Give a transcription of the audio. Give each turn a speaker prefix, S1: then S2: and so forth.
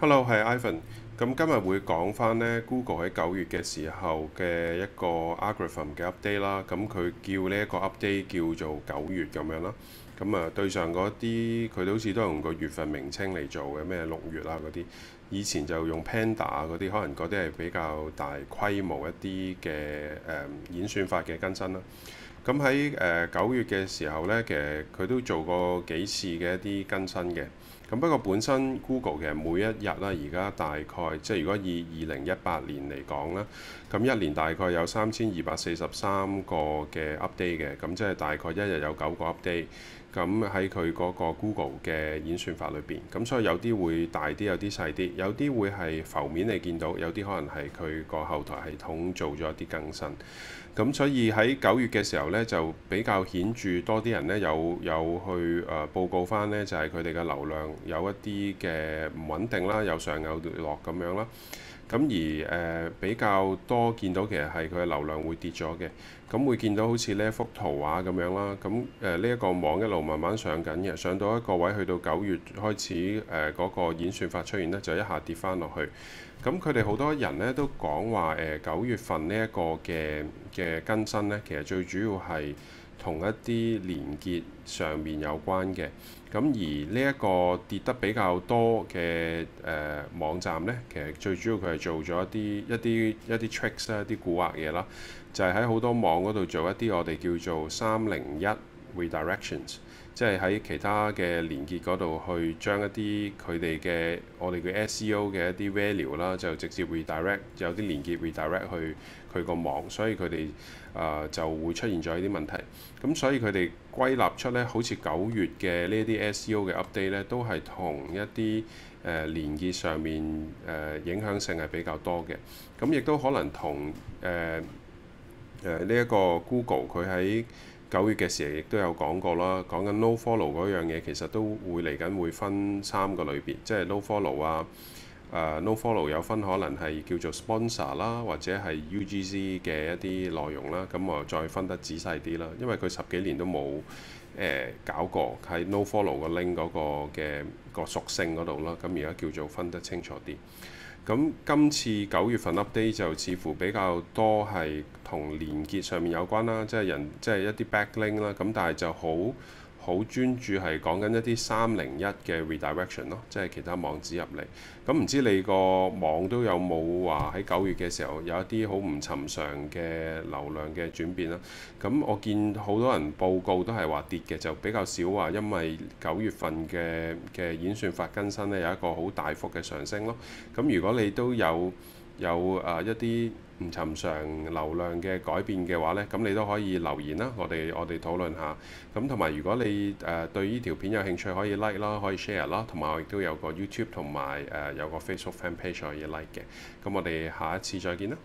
S1: Hello，係 Ivan。咁今日會講返呢 Google 喺九月嘅時候嘅一個 Algorithm 嘅 update 啦。咁佢叫呢一個 update 叫做九月咁樣啦。咁啊對上嗰啲，佢好似都係用個月份名稱嚟做嘅，咩六月啊嗰啲。以前就用 Panda 嗰啲，可能嗰啲係比較大規模一啲嘅誒演算法嘅更新啦。咁喺誒九月嘅時候呢，其實佢都做過幾次嘅一啲更新嘅。咁不過本身 Google 嘅每一日啦、啊，而家大概即係如果以二零一八年嚟講啦，咁一年大概有三千二百四十三個嘅 update 嘅，咁即係大概一日有九個 update。咁喺佢嗰個 Google 嘅演算法裏邊，咁所以有啲會大啲，有啲細啲，有啲會係浮面你見到，有啲可能係佢個後台系統做咗一啲更新。咁所以喺九月嘅時候呢，就比較顯著多啲人呢有有去誒、呃、報告翻呢，就係佢哋嘅流量。有一啲嘅唔穩定啦，有上有落咁樣啦。咁而誒、呃、比較多見到其實係佢嘅流量會跌咗嘅。咁會見到好似呢一幅圖畫咁樣啦。咁誒呢一個網一路慢慢上緊嘅，上到一個位去到九月開始誒嗰、呃那個演算法出現呢，就一下，下跌翻落去。咁佢哋好多人呢都講話誒九月份呢一個嘅嘅更新呢，其實最主要係。同一啲連結上面有關嘅，咁而呢一個跌得比較多嘅誒、呃、網站呢，其實最主要佢係做咗一啲一啲一啲 tricks 啦，一啲古惑嘢啦，就係喺好多網嗰度做一啲我哋叫做三零一 redirections。即係喺其他嘅連結嗰度去將一啲佢哋嘅我哋嘅 SEO 嘅一啲 value 啦，就直接 redirect 有啲連結 redirect 去佢個網，所以佢哋啊就會出現咗呢啲問題。咁所以佢哋歸納出咧，好似九月嘅呢啲 SEO 嘅 update 咧，都係同一啲誒、呃、連結上面誒、呃、影響性係比較多嘅。咁亦都可能同誒誒呢一個 Google 佢喺。九月嘅時候亦都有講過啦，講緊 no follow 嗰樣嘢，其實都會嚟緊會分三個類別，即係 no follow 啊，呃，no follow 有分可能係叫做 sponsor 啦，或者係 UGC 嘅一啲內容啦，咁我再分得仔細啲啦，因為佢十幾年都冇誒，呃，搞過喺 no follow 個 link 嗰個嘅個屬性嗰度啦。咁而家叫做分得清楚啲。咁今次九月份 update 就似乎比較多係同連結上面有關啦，即係人即係一啲 backlink 啦，咁但係就好。好專注係講緊一啲三零一嘅 redirection 咯，即係其他網址入嚟。咁唔知你個網都有冇話喺九月嘅時候有一啲好唔尋常嘅流量嘅轉變啦？咁我見好多人報告都係話跌嘅，就比較少話因為九月份嘅嘅演算法更新呢，有一個好大幅嘅上升咯。咁如果你都有有誒一啲唔尋常流量嘅改變嘅話呢，咁你都可以留言啦，我哋我哋討論下。咁同埋如果你誒、呃、對呢條片有興趣，可以 like 啦，可以 share 啦，同埋我亦都有個 YouTube 同埋誒、呃、有個 Facebook Fan Page 可以 like 嘅。咁我哋下一次再見啦。